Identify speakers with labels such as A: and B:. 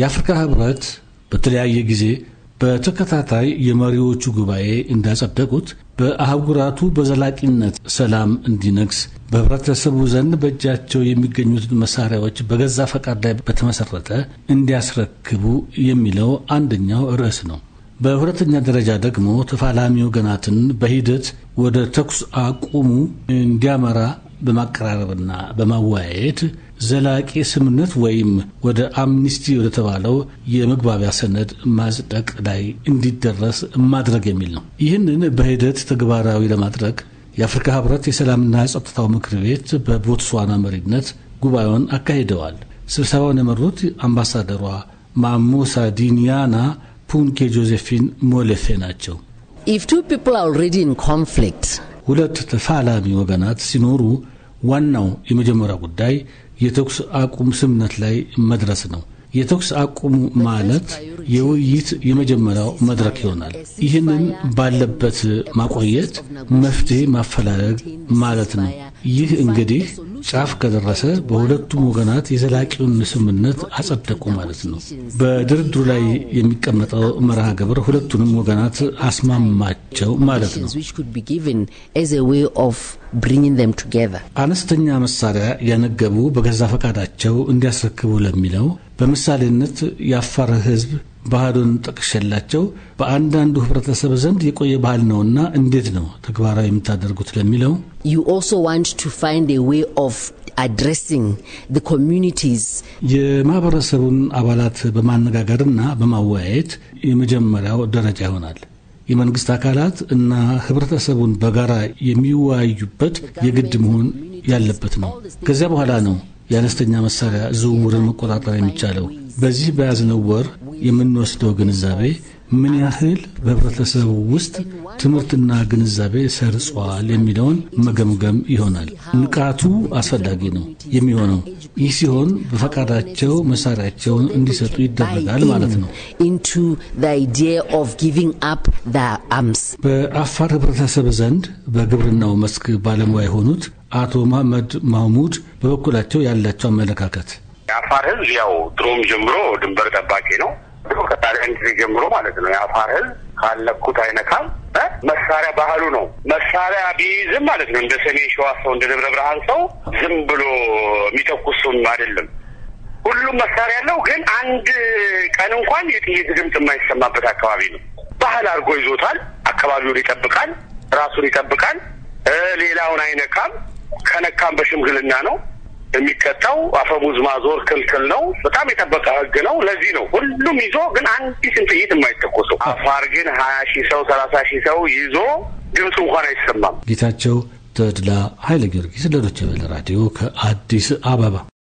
A: የአፍሪካ ህብረት በተለያየ ጊዜ በተከታታይ የመሪዎቹ ጉባኤ እንዳጸደቁት በአህጉራቱ በዘላቂነት ሰላም እንዲነግስ በህብረተሰቡ ዘንድ በእጃቸው የሚገኙትን መሳሪያዎች በገዛ ፈቃድ ላይ በተመሰረተ እንዲያስረክቡ የሚለው አንደኛው ርዕስ ነው። በሁለተኛ ደረጃ ደግሞ ተፋላሚ ወገናትን በሂደት ወደ ተኩስ አቁሙ እንዲያመራ በማቀራረብና በማወያየት ዘላቂ ስምምነት ወይም ወደ አምኒስቲ ወደተባለው የመግባቢያ ሰነድ ማጽደቅ ላይ እንዲደረስ ማድረግ የሚል ነው። ይህንን በሂደት ተግባራዊ ለማድረግ የአፍሪካ ህብረት የሰላምና የጸጥታው ምክር ቤት በቦትስዋና መሪነት ጉባኤውን አካሂደዋል። ስብሰባውን የመሩት አምባሳደሯ ማሙሳ ዲኒያና ፑንኬ ጆዜፊን ሞሌፌ ናቸው። ሁለት ተፋላሚ ወገናት ሲኖሩ ዋናው የመጀመሪያ ጉዳይ የተኩስ አቁም ስምነት ላይ መድረስ ነው። የተኩስ አቁም ማለት የውይይት የመጀመሪያው መድረክ ይሆናል። ይህንን ባለበት ማቆየት መፍትሄ ማፈላለግ ማለት ነው። ይህ እንግዲህ ጫፍ ከደረሰ በሁለቱም ወገናት የዘላቂውን ስምምነት አጸደቁ ማለት ነው። በድርድሩ ላይ የሚቀመጠው መርሃ ግብር ሁለቱንም ወገናት አስማማቸው ማለት ነው። አነስተኛ መሳሪያ ያነገቡ በገዛ ፈቃዳቸው እንዲያስረክቡ ለሚለው በምሳሌነት የአፋር ሕዝብ ባህሉን ጠቅሸላቸው በአንዳንዱ ህብረተሰብ ዘንድ የቆየ ባህል ነውና እንዴት ነው ተግባራዊ የምታደርጉት ለሚለው ዩ ኦልሶ ዋንት ቱ ፋይንድ ኤ ዌይ ኦፍ አድሬሲንግ ዘ የማህበረሰቡን አባላት በማነጋገርና በማወያየት የመጀመሪያው ደረጃ ይሆናል። የመንግስት አካላት እና ህብረተሰቡን በጋራ የሚወያዩበት የግድ መሆን ያለበት ነው። ከዚያ በኋላ ነው የአነስተኛ መሳሪያ ዝውውርን መቆጣጠር የሚቻለው። በዚህ በያዝነው ወር የምንወስደው ግንዛቤ ምን ያህል በህብረተሰቡ ውስጥ ትምህርትና ግንዛቤ ሰርጿል የሚለውን መገምገም ይሆናል። ንቃቱ አስፈላጊ ነው የሚሆነው። ይህ ሲሆን በፈቃዳቸው መሳሪያቸውን እንዲሰጡ ይደረጋል ማለት ነው። በአፋር ህብረተሰብ ዘንድ በግብርናው መስክ ባለሙያ የሆኑት አቶ መሐመድ ማህሙድ በበኩላቸው ያላቸው አመለካከት
B: የአፋር ህዝብ ያው ድሮም ጀምሮ ድንበር ጠባቂ ነው። ድሮ ከጣሊያን ጊዜ ጀምሮ ማለት ነው የአፋር ህዝብ ካለኩት አይነካም። መሳሪያ ባህሉ ነው። መሳሪያ ቢይዝም ማለት ነው እንደ ሰሜን ሸዋ ሰው እንደ ደብረ ብርሃን ሰው ዝም ብሎ የሚተኩሱም አይደለም። ሁሉም መሳሪያ ያለው ግን አንድ ቀን እንኳን የጥይት ድምፅ የማይሰማበት አካባቢ ነው። ባህል አድርጎ ይዞታል። አካባቢውን ይጠብቃል፣ ራሱን ይጠብቃል፣ ሌላውን አይነካም። ከነካም በሽምግልና ነው። የሚቀጣው አፈሙዝ ማዞር ክልክል ነው። በጣም የጠበቀ ህግ ነው። ለዚህ ነው ሁሉም ይዞ ግን አንዲትም ጥይት የማይተኮሰው። አፋር ግን ሀያ ሺህ ሰው ሰላሳ ሺህ ሰው ይዞ ድምፅ እንኳን አይሰማም።
A: ጌታቸው ተድላ ኃይለ ጊዮርጊስ ለዶይቼ ቬለ ራዲዮ ከአዲስ አበባ